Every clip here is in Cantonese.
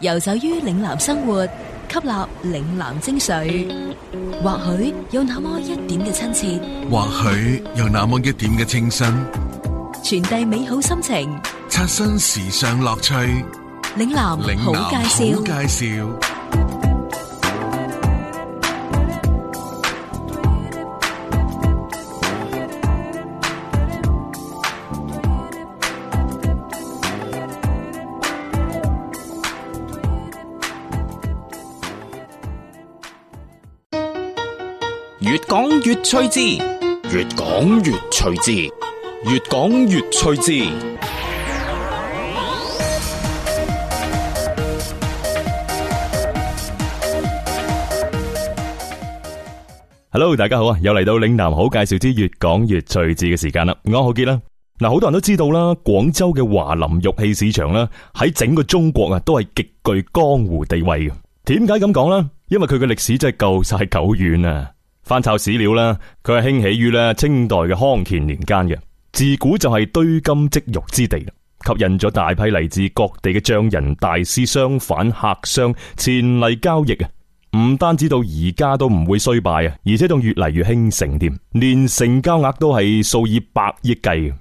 遊走於嶺南生活，吸納嶺南精髓，或許有那麼一點嘅親切，或許有那麼一點嘅清新，傳遞美好心情，刷新時尚樂趣。嶺南好介紹。越趣致，越講越趣致，越講越趣致。Hello，大家好啊！又嚟到嶺南好介紹之越講越趣致嘅時間啦。我好傑啦。嗱，好多人都知道啦，廣州嘅華林玉器市場啦，喺整個中國啊，都係極具江湖地位嘅。點解咁講呢？因為佢嘅歷史真係夠晒久遠啊！翻炒史料啦，佢係興起於咧清代嘅康乾年間嘅，自古就係堆金積玉之地，吸引咗大批嚟自各地嘅匠人、大師、商販、客商前嚟交易啊！唔單止到而家都唔會衰敗啊，而且仲越嚟越興盛添，連成交額都係數以百億計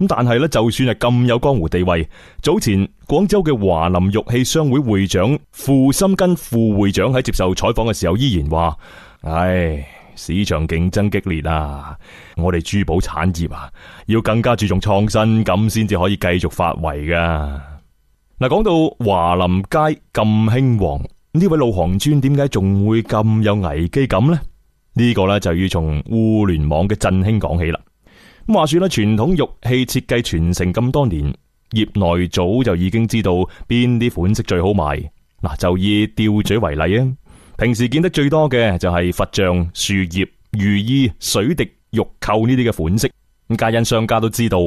咁。但係咧，就算係咁有江湖地位，早前廣州嘅華林玉器商會會長傅森根副會長喺接受採訪嘅時候，依然話：，唉。市場競爭激烈啊！我哋珠寶產業啊，要更加注重創新，咁先至可以繼續發圍噶。嗱，講到華林街咁興旺，呢位老行尊點解仲會咁有危機感呢？呢、呢個呢，就要從互聯網嘅振興講起啦。咁話說啦，傳統玉器設計傳承咁多年，業內早就已經知道邊啲款式最好賣。嗱，就以吊墜為例啊。平時見得最多嘅就係佛像、樹葉、如意、水滴、玉扣呢啲嘅款式。皆因商家都知道，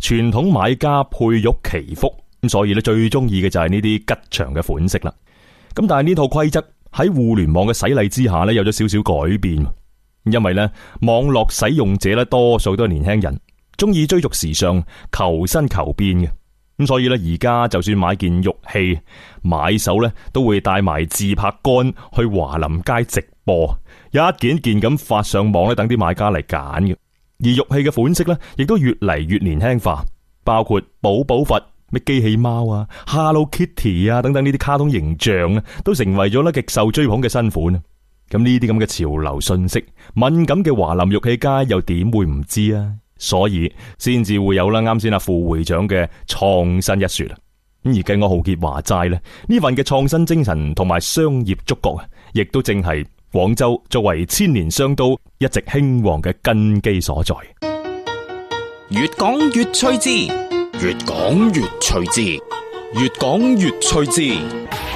傳統買家佩玉祈福，所以咧最中意嘅就係呢啲吉祥嘅款式啦。咁但係呢套規則喺互聯網嘅洗禮之下咧有咗少少改變，因為咧網絡使用者咧多數都係年輕人，中意追逐時尚、求新求變嘅。咁所以咧，而家就算買件玉器，買手咧都會帶埋自拍杆去華林街直播，一件一件咁發上網咧，等啲買家嚟揀嘅。而玉器嘅款式咧，亦都越嚟越年輕化，包括寶寶佛、咩機器貓啊、Hello Kitty 啊等等呢啲卡通形象啊，都成為咗咧極受追捧嘅新款。咁呢啲咁嘅潮流信息，敏感嘅華林玉器街又點會唔知啊？所以先至會有啦，啱先阿副會長嘅創新一說啦。而跟我浩杰話齋咧，呢份嘅創新精神同埋商業觸覺啊，亦都正係廣州作為千年商都一直興旺嘅根基所在。越講越趣之，越講越趣之，越講越趣之。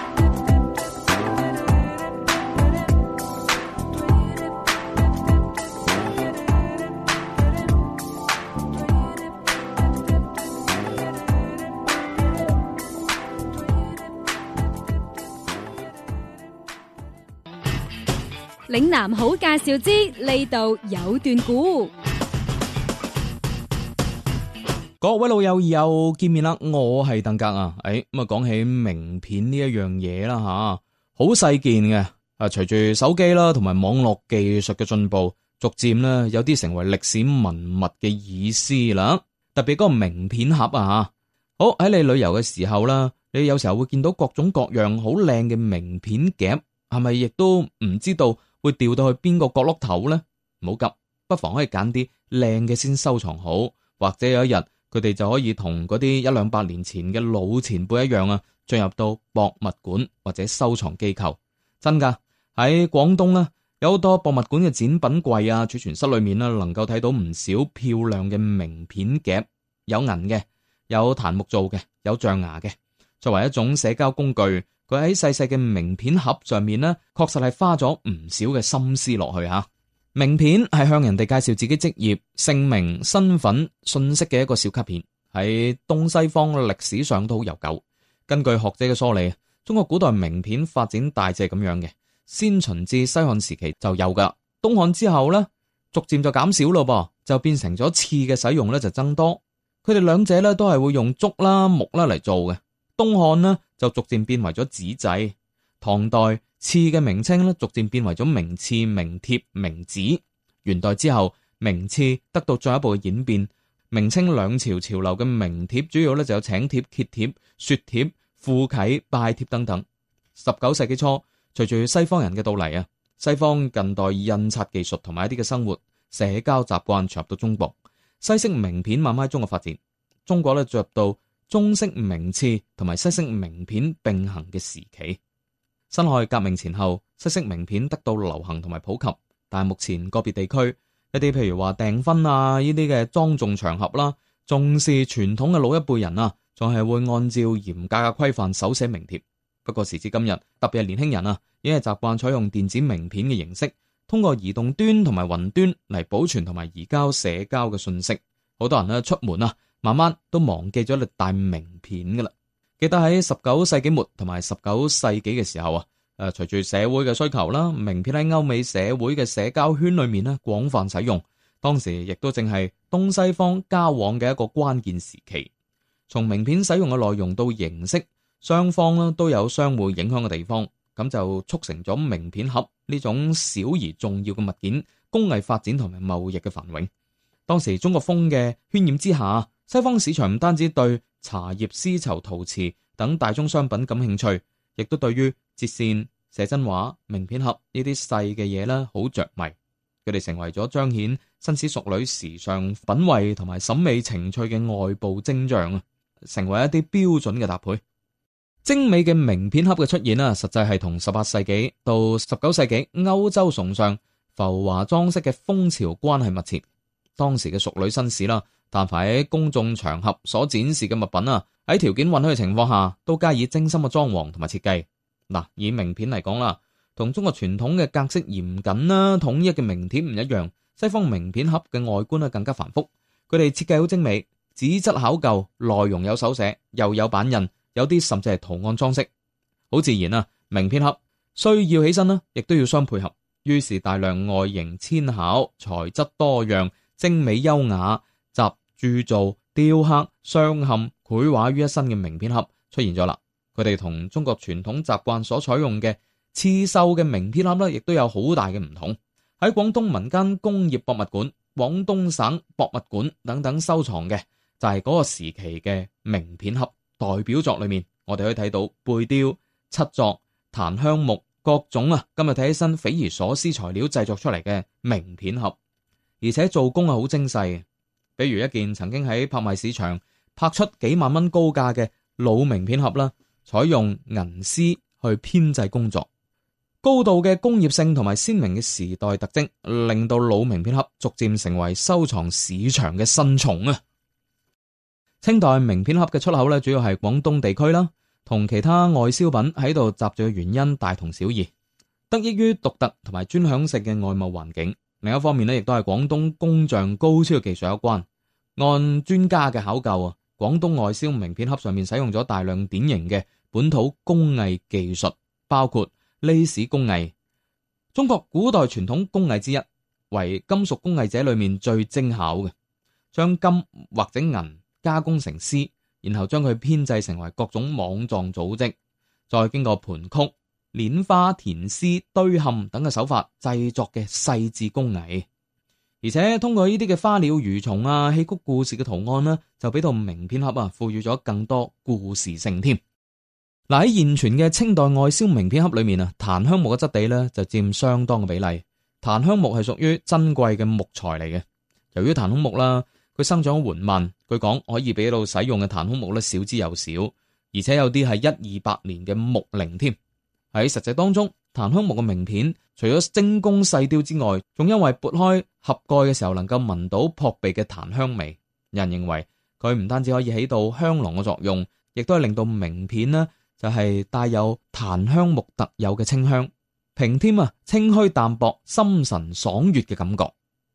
嶺南好介紹之呢度有段古，各位老友又見面啦！我係鄧格啊，誒咁啊，講起名片呢一樣嘢啦吓，好細件嘅啊！隨住手機啦同埋網絡技術嘅進步，逐漸咧有啲成為歷史文物嘅意思啦。特別嗰個名片盒啊吓，好喺你旅遊嘅時候啦，你有時候會見到各種各樣好靚嘅名片夾，係咪亦都唔知道？會掉到去邊個角落頭呢？唔好急，不妨可以揀啲靚嘅先收藏好，或者有一日佢哋就可以同嗰啲一兩百年前嘅老前輩一樣啊，進入到博物館或者收藏機構。真噶，喺廣東呢，有好多博物館嘅展品櫃啊、儲存室裡面啦，能夠睇到唔少漂亮嘅名片夾，有銀嘅，有檀木做嘅，有象牙嘅，作爲一種社交工具。佢喺細細嘅名片盒上面咧，確實係花咗唔少嘅心思落去吓啊。名片係向人哋介紹自己職業、姓名、身份信息嘅一個小卡片。喺東西方歷史上都好悠久。根據學者嘅梳理，中國古代名片發展大致係咁樣嘅：先秦至西漢時期就有噶，東漢之後呢，逐漸就減少咯噃，就變成咗次嘅使用呢就增多。佢哋兩者呢都係會用竹啦、木啦嚟做嘅。東漢呢，就逐漸變為咗紙製，唐代刺嘅名稱咧逐漸變為咗名刺、名帖、名紙。元代之後，名刺得到進一步嘅演變。明清兩朝潮流嘅名帖，主要咧就有請帖、揭帖、說帖、附啟、拜帖等等。十九世紀初，隨住西方人嘅到嚟啊，西方近代印刷技術同埋一啲嘅生活社交習慣，進入到中國，西式名片慢慢喺中國發展。中國咧進入到。中式名刺同埋西式名片並行嘅時期，辛亥革命前後，西式名片得到流行同埋普及。但係目前個別地區一啲，譬如話訂婚啊呢啲嘅莊重場合啦，重視傳統嘅老一輩人啊，仲係會按照嚴格嘅規範手寫名帖。不過時至今日，特別係年輕人啊，已經係習慣採用電子名片嘅形式，通過移動端同埋雲端嚟保存同埋移交社交嘅信息。好多人咧出門啊。慢慢都忘記咗你大名片噶啦。記得喺十九世紀末同埋十九世紀嘅時候啊，誒，隨住社會嘅需求啦，名片喺歐美社會嘅社交圈裏面咧廣泛使用。當時亦都正係東西方交往嘅一個關鍵時期。從名片使用嘅內容到形式，雙方啦都有相互影響嘅地方，咁就促成咗名片盒呢種小而重要嘅物件工藝發展同埋貿易嘅繁榮。當時中國風嘅渲染之下。西方市場唔單止對茶葉、絲綢、陶瓷等大宗商品感興趣，亦都對於折扇、寫真畫、名片盒呢啲細嘅嘢咧好着迷。佢哋成為咗彰顯紳士淑女時尚品味同埋審美情趣嘅外部徵象啊，成為一啲標準嘅搭配。精美嘅名片盒嘅出現啊，實際係同十八世紀到十九世紀歐洲崇尚浮華裝飾嘅風潮關係密切。當時嘅淑女紳士啦。但凡喺公眾場合所展示嘅物品啊，喺條件允許嘅情況下，都加以精心嘅裝潢同埋設計嗱、啊。以名片嚟講啦，同中國傳統嘅格式嚴謹啦、統一嘅名片唔一樣，西方名片盒嘅外觀咧更加繁複，佢哋設計好精美，紙質考究，內容有手寫又有版印，有啲甚至係圖案裝飾，好自然啊。名片盒需要起身呢，亦都要相配合，於是大量外形纖巧、材質多樣、精美優雅。鑄造、雕刻、鑲嵌、繪畫於一身嘅名片盒出現咗啦。佢哋同中國傳統習慣所採用嘅刺繡嘅名片盒咧，亦都有好大嘅唔同。喺廣東民間工業博物館、廣東省博物館等等收藏嘅，就係、是、嗰個時期嘅名片盒代表作裏面，我哋可以睇到貝雕、漆作、檀香木各種啊。今日睇起身匪夷所思材料製作出嚟嘅名片盒，而且做工係好精細。比如一件曾經喺拍賣市場拍出幾萬蚊高價嘅老名片盒啦，採用銀絲去編製工作，高度嘅工業性同埋鮮明嘅時代特徵，令到老名片盒逐漸成為收藏市場嘅新寵啊！清代名片盒嘅出口咧，主要係廣東地區啦，同其他外銷品喺度集聚嘅原因大同小異，得益於獨特同埋專享性嘅外貿環境。另一方面咧，亦都係廣東工匠高超技術有關。按專家嘅考究啊，廣東外銷名片盒上面使用咗大量典型嘅本土工藝技術，包括累絲工藝。中國古代傳統工藝之一，為金屬工藝，者裏面最精巧嘅，將金或者銀加工成絲，然後將佢編製成為各種網狀組織，再經過盤曲、捻花、填絲、堆嵌等嘅手法製作嘅細致工藝。而且通過呢啲嘅花鳥魚蟲啊、戲曲故事嘅圖案呢、啊，就俾到名片盒啊，賦予咗更多故事性添。嗱、啊、喺現存嘅清代外銷名片盒裏面啊，檀香木嘅質地呢，就佔相當嘅比例。檀香木係屬於珍貴嘅木材嚟嘅，由於檀香木啦、啊，佢生長緩慢，據講可以俾到使用嘅檀香木呢，少之又少，而且有啲係一二百年嘅木齡添。喺實際當中，檀香木嘅名片，除咗精工細雕之外，仲因為撥開盒蓋嘅時候能夠聞到撲鼻嘅檀香味。人認為佢唔單止可以起到香囊嘅作用，亦都係令到名片呢就係、是、帶有檀香木特有嘅清香，平添啊清虛淡薄、心神爽悅嘅感覺，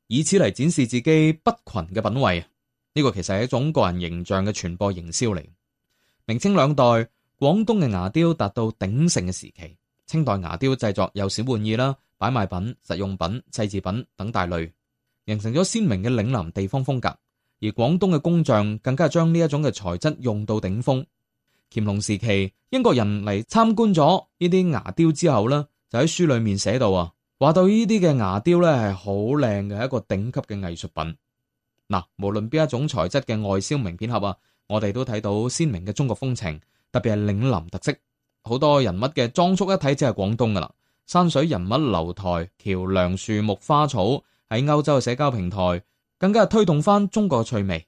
以此嚟展示自己不群嘅品位啊，呢、這個其實係一種個人形象嘅傳播營銷嚟。明清兩代，廣東嘅牙雕達，達到鼎盛嘅時期。清代牙雕製作有小玩意啦、擺賣品、實用品、祭祀品等大類，形成咗鮮明嘅嶺南地方風格。而廣東嘅工匠更加係將呢一種嘅材質用到頂峰。乾隆時期，英國人嚟參觀咗呢啲牙雕之後咧，就喺書裏面寫到啊，話到呢啲嘅牙雕咧，係好靚嘅，一個頂級嘅藝術品。嗱，無論邊一種材質嘅外銷名片盒啊，我哋都睇到鮮明嘅中國風情，特別係嶺南特色。好多人物嘅裝束一睇就係廣東噶啦，山水、人物、樓台、橋梁、樹木、花草，喺歐洲嘅社交平台，更加係推動翻中國嘅趣味。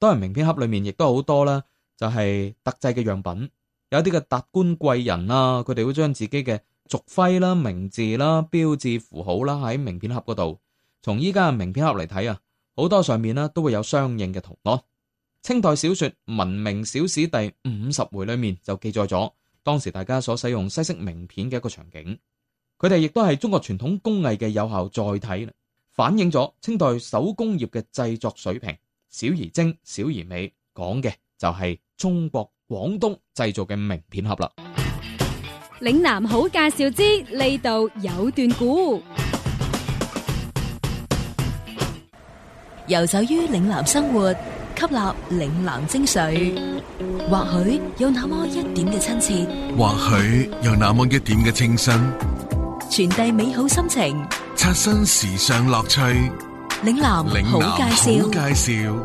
當然名片盒裏面亦都好多啦，就係特製嘅樣品，有啲嘅達官貴人啦，佢哋會將自己嘅族徽啦、名字啦、標誌符號啦喺名片盒嗰度。從依家嘅名片盒嚟睇啊，好多上面啦都會有相應嘅圖案，哦。清代小說文明小史第五十回裏面就記載咗。當時大家所使用西式名片嘅一個場景，佢哋亦都係中國傳統工藝嘅有效載體，反映咗清代手工業嘅製作水平，小而精，小而美，講嘅就係中國廣東製造嘅名片盒啦。嶺南好介紹之，呢度有段古，游走於嶺南生活。吸納嶺南精髓，或許有那麼一點嘅親切，或許有那麼一點嘅清新，傳遞美好心情，刷新時尚樂趣。嶺南好介紹。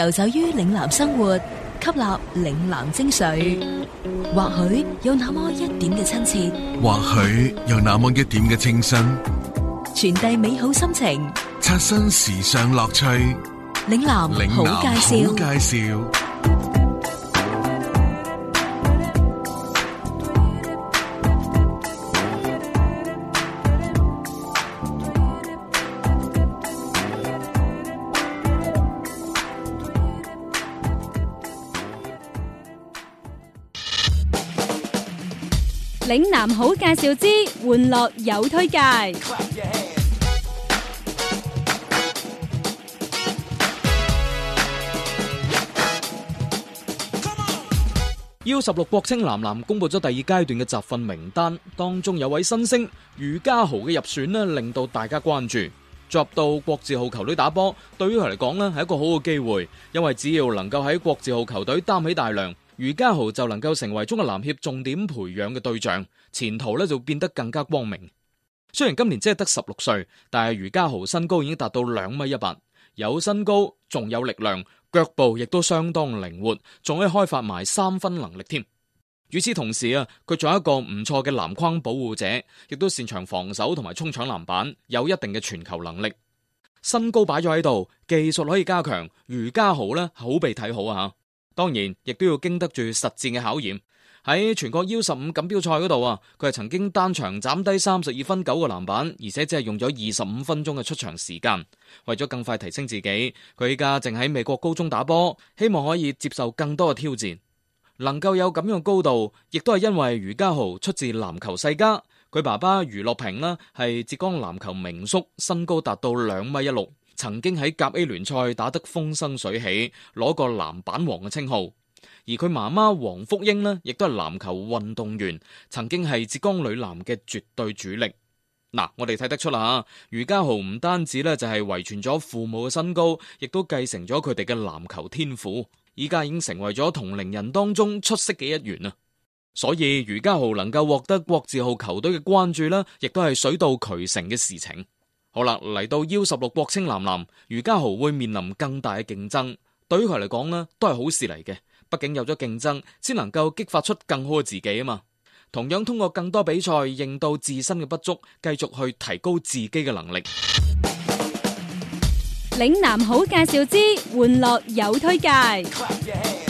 遊走於嶺南生活，吸納嶺南精髓，或許有那麼一點嘅親切，或許有那麼一點嘅清新，傳遞美好心情，刷新時尚樂趣。嶺南好介紹，嶺南好介紹。談好介紹之，玩樂有推介。U 十六國青男籃公布咗第二階段嘅集訓名單，當中有位新星余嘉豪嘅入選咧，令到大家關注。作到國字號球隊打波，對於佢嚟講咧係一個好嘅機會，因為只要能夠喺國字號球隊擔起大梁。余嘉豪就能夠成為中國籃協重點培養嘅對象，前途咧就會變得更加光明。雖然今年只係得十六歲，但係余嘉豪身高已經達到兩米一八，有身高，仲有力量，腳步亦都相當靈活，仲可以開發埋三分能力添。與此同時啊，佢仲有一個唔錯嘅籃框保護者，亦都擅長防守同埋衝搶籃板，有一定嘅傳球能力。身高擺咗喺度，技術可以加強，余嘉豪呢，好被睇好啊！當然，亦都要經得住實戰嘅考驗。喺全國 U 十五錦標賽嗰度啊，佢係曾經單場斬低三十二分、九個籃板，而且只係用咗二十五分鐘嘅出場時間。為咗更快提升自己，佢依家正喺美國高中打波，希望可以接受更多嘅挑戰。能夠有咁樣嘅高度，亦都係因為余嘉豪出自籃球世家。佢爸爸余樂平呢，係浙江籃球名宿，身高達到兩米一六。曾經喺甲 A 聯賽打得風生水起，攞個籃板王嘅稱號。而佢媽媽黃福英呢，亦都係籃球運動員，曾經係浙江女籃嘅絕對主力。嗱，我哋睇得出啦，余家豪唔單止呢就係遺傳咗父母嘅身高，亦都繼承咗佢哋嘅籃球天賦。依家已經成為咗同齡人當中出色嘅一員啊！所以余家豪能夠獲得國字號球隊嘅關注呢，亦都係水到渠成嘅事情。好啦，嚟到 U 十六國青男籃，余家豪會面臨更大嘅競爭，對於佢嚟講呢都係好事嚟嘅。畢竟有咗競爭，先能夠激發出更好嘅自己啊嘛。同樣通過更多比賽，認到自身嘅不足，繼續去提高自己嘅能力。嶺南好介紹之，玩樂有推介。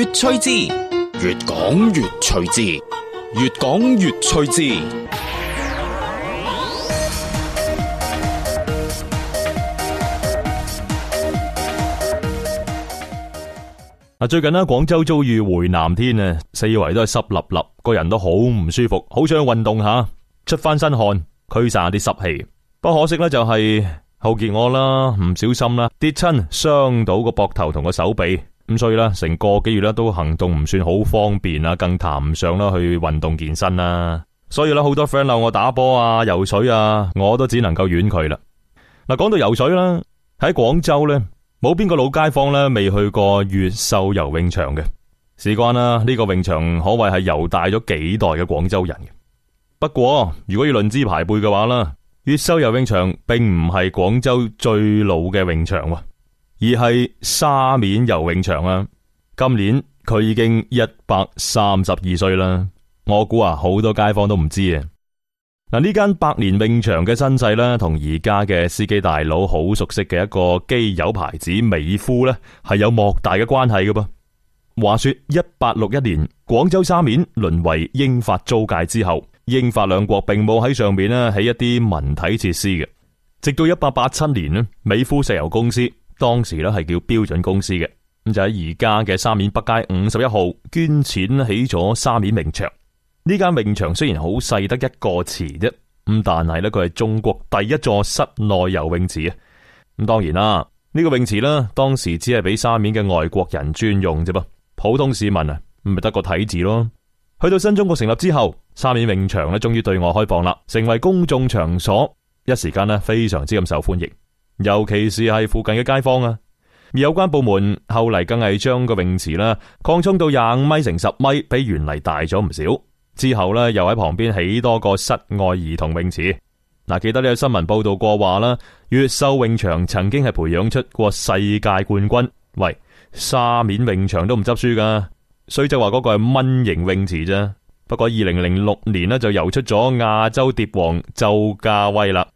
越趣字，越講越趣字，越講越趣字。嗱，最近咧，廣州遭遇回南天啊，四圍都係濕粒粒，個人都好唔舒服，好想運動下，出翻身汗，驅散下啲濕氣。不過可惜呢、就是，就係浩傑我啦，唔小心啦，跌親傷到個膊頭同個手臂。咁所以咧，成個幾月咧都行動唔算好方便啊，更談唔上啦去運動健身啦。所以咧，好多 friend 鬧我打波啊、游水啊，我都只能夠婉拒啦。嗱，講到游水啦，喺廣州呢，冇邊個老街坊咧未去過越秀游泳場嘅，事關啦，呢個泳場可謂係游大咗幾代嘅廣州人嘅。不過，如果要論資排輩嘅話啦，越秀游泳場並唔係廣州最老嘅泳場。而係沙面游泳場啊，今年佢已經一百三十二歲啦。我估啊，好多街坊都唔知啊。嗱，呢間百年泳場嘅身世呢，同而家嘅司機大佬好熟悉嘅一個機油牌子美孚呢，係有莫大嘅關係噶噃。話說一八六一年，廣州沙面淪為英法租界之後，英法兩國並冇喺上面呢起一啲文體設施嘅，直到一八八七年咧，美孚石油公司，當時咧係叫標準公司嘅，咁就喺而家嘅沙面北街五十一號捐錢起咗沙面泳場。呢間泳場雖然好細得一個池啫，咁但係咧佢係中國第一座室內游泳池啊！咁當然啦，呢、這個泳池咧當時只係俾沙面嘅外國人專用啫，噃普通市民啊，唔係得個睇字咯。去到新中國成立之後，沙面泳場咧終於對外開放啦，成為公眾場所，一時間咧非常之咁受歡迎。尤其是係附近嘅街坊啊！而有關部門後嚟更係將個泳池啦擴充到廿五米乘十米，比原嚟大咗唔少。之後咧，又喺旁邊起多個室外兒童泳池。嗱、啊，記得呢個新聞報道過話啦，越秀泳場曾經係培養出過世界冠軍，喂沙面泳場都唔執輸噶，所以就話嗰個係蚊型泳池啫。不過二零零六年呢，就游出咗亞洲蝶王周家威啦。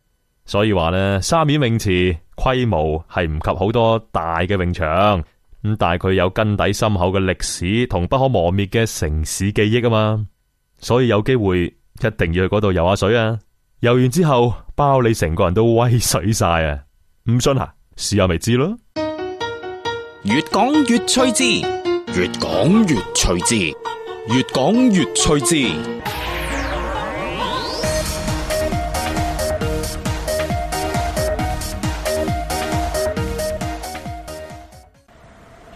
所以話咧，沙面泳池規模係唔及好多大嘅泳場，咁但係佢有根底深厚嘅歷史同不可磨滅嘅城市記憶啊嘛，所以有機會一定要去嗰度游下水啊！游完之後包你成個人都威水晒啊！唔信啊，試下咪知咯！越講越趣致，越講越趣致，越講越趣致。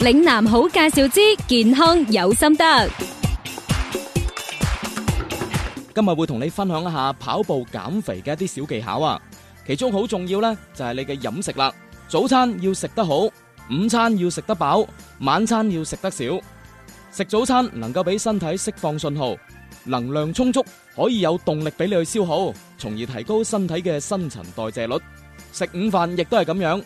嶺南好介紹之健康有心得，今日會同你分享一下跑步減肥嘅一啲小技巧啊！其中好重要呢就係你嘅飲食啦，早餐要食得好，午餐要食得飽，晚餐要食得少。食早餐能夠俾身體釋放信號，能量充足可以有動力俾你去消耗，從而提高身體嘅新陳代謝率。食午飯亦都係咁樣，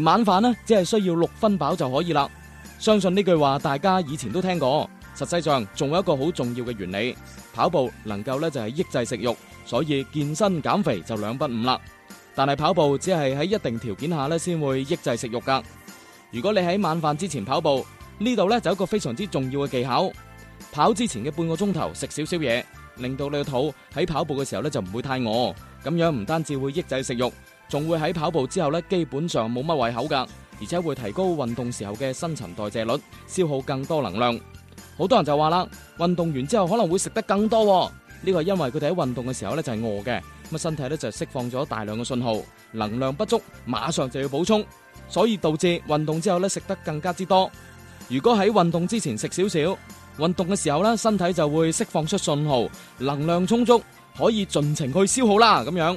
而晚飯呢只係需要六分飽就可以啦。相信呢句話，大家以前都聽過。實際上，仲有一個好重要嘅原理，跑步能夠咧就係抑制食欲，所以健身減肥就兩不誤啦。但係跑步只係喺一定條件下咧，先會抑制食欲噶。如果你喺晚飯之前跑步，呢度咧就有一個非常之重要嘅技巧，跑之前嘅半個鐘頭食少少嘢，令到你嘅肚喺跑步嘅時候咧就唔會太餓。咁樣唔單止會抑制食欲，仲會喺跑步之後咧基本上冇乜胃口噶。而且會提高運動時候嘅新陳代謝率，消耗更多能量。好多人就話啦，運動完之後可能會食得更多喎，呢個係因為佢哋喺運動嘅時候咧就係餓嘅，咁啊身體咧就釋放咗大量嘅信號，能量不足，馬上就要補充，所以導致運動之後咧食得更加之多。如果喺運動之前食少少，運動嘅時候咧身體就會釋放出信號，能量充足，可以盡情去消耗啦，咁樣。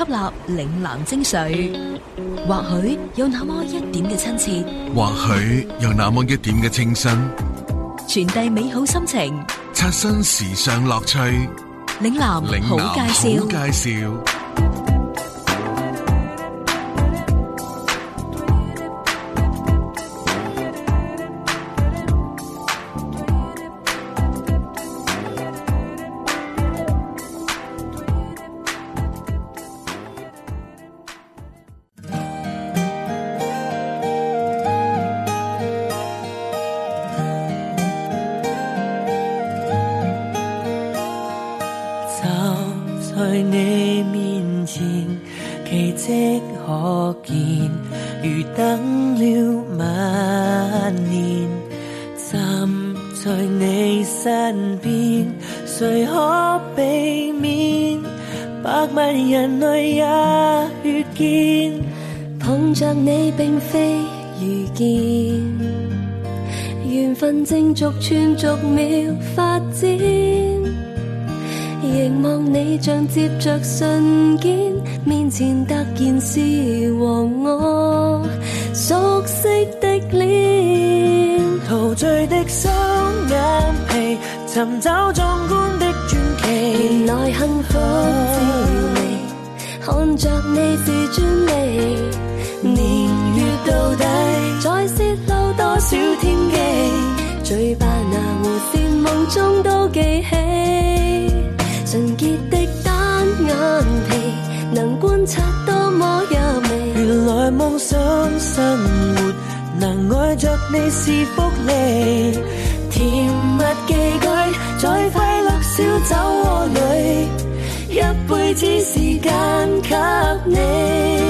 吸納嶺南精髓，或許有那麼一點嘅親切，或許有那麼一點嘅清新，傳遞美好心情，刷新時尚樂趣。嶺南好介紹。着你並非遇見，緣分正逐寸逐秒發展。凝望你像接着瞬間，面前突然是和我熟悉的臉。陶醉的雙眼皮，尋找壯觀的傳奇，原來幸福滋味，oh. 看着你是專利。年月到底再洩漏多少天機？嘴巴那弧線，夢中都記起。 純潔的單眼皮， 能觀察多麼入微。原來夢想生活，能愛着你是福利。 甜蜜寄居在快樂小酒窩裏，一輩子時間給你。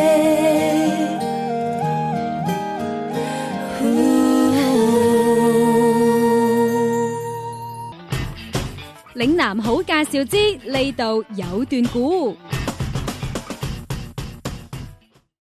嶺南好介紹之，呢度有段古。